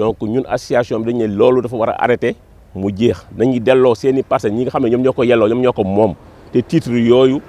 donc ñun association bi dañu ne loolu dafa war a arrêté mu jeex dañuy delloo seeni i parcelles ñi nga xam ne ñoom ñoo ko yelloo ñoom ñoo ko moom te titre yooyu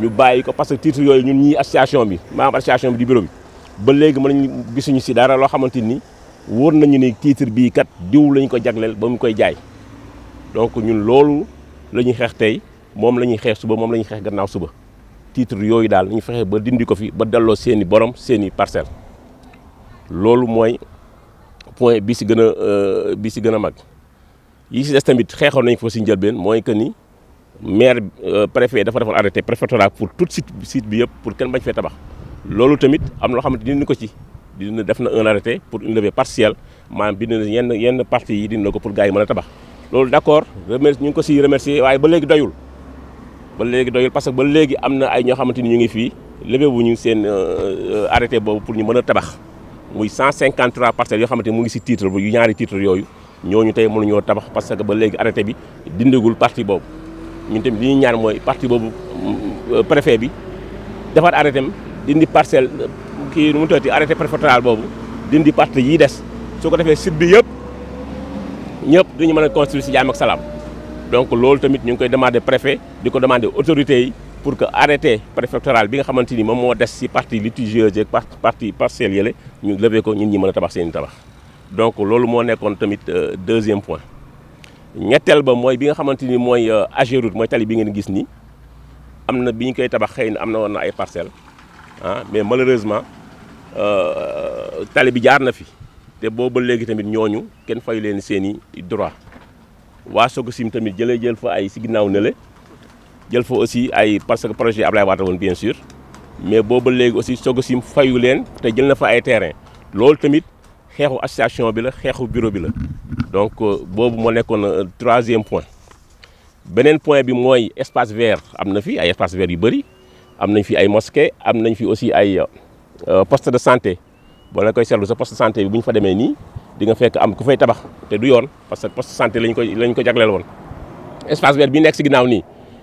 ñu bàyyi ko parce que titre yooyu ñun ñii association bi membre association bi di bureau bi ba léegi ma nañu gisuñu si dara loo xamante nii wóor nañu ni titre bii kat diw lañ ko jagleel ba mu koy jaay donc ñun loolu la ñuy xeex tey moom la ñuy xeex suba moom la ñuy xeex gannaaw suba titre yooyu daal ñu fexe ba dindi ko fi ba delloo seen borom seen i parcelles point bi si gën a euh, bi si gën mag yi ci des tamit xeexoon nañ ko si ben moy que ni maire euh, préfet dafa defoon arrêté préfectoral pour tout site site bi yëpp pour kenn bañ fee tabax lolu tamit am loo xamanteni dindi ko ci dina def na un arrêté pour une levée partielle manam bind na yenn yenn parties yi dindi na ko pour gaay mëna tabax lolu d'accord remercie ñu ko ci remercier waye ba légui doyul ba légui doyul parce que ba légui amna ay ñoo xamanteni ñu ngi fii levée ñu seen euh, arrêté boobu pour ñu mëna tabax muy 153 parcelles yoo xamante ni mu ngi si titre bu ñaari titre yooyu ñooñu tey mënuñoo tabax parce que ba léegi arrêté bi dindigul partie boobu ñun tamit li ñuy ñaan mooy partie boobu euh, euh, préfet bi defar arrêté am dindi parcelle euh, kii nu mu tëddee arrêté préfectoral boobu dindi partie yi des soo ko defee site bi yëpp ñëpp dañu mën a construire si jaam ak salaam loolu tamit ñu ngi koy demandé préfet di ko demandé autorités yi. pour que arrêter préfectoral bi nga xamanteni mom mo dess ci parti litigieux yeeg parti parcelles yële ñu lever ko ñin ñi mëna tabax seeni tabax donc lolu mo nekkoon tamit euh, deuxième point ñetteel ba moy bi nga xamanteni moy euh, agerout moy tali bi ngeen gis ni amna biñ koy tabax xeyna amna am ay parcelles hein mais malheureusement euh tali bi jaar na fi té booba légui tamit ñooñu ken fayu leen seeni droit wa waa sim tamit jëlee jël fa ay ci ginnaaw nële jël fa aussi ay parce que projet Ablaye Wade woon bien sûr mais bobu léegi aussi soog sim fayu len te jël na fa ay terrain loolu tamit xéxu association bi la xéxu bureau bi la donc euh, boobu moo nekkoon euh, troisième point benen point bi moy espace vert amna fi ay espace vert yu bëri am fi ay mosquée am fi aussi ay euh, poste de santé boo la koy seetlu sa poste de santé bi buñ fa démé ni di nga fekk am ku fay tabax te du yoon parce que poste de santé lañ ko lañ ko jagleel won espace vert bi nekk ci ginaaw ni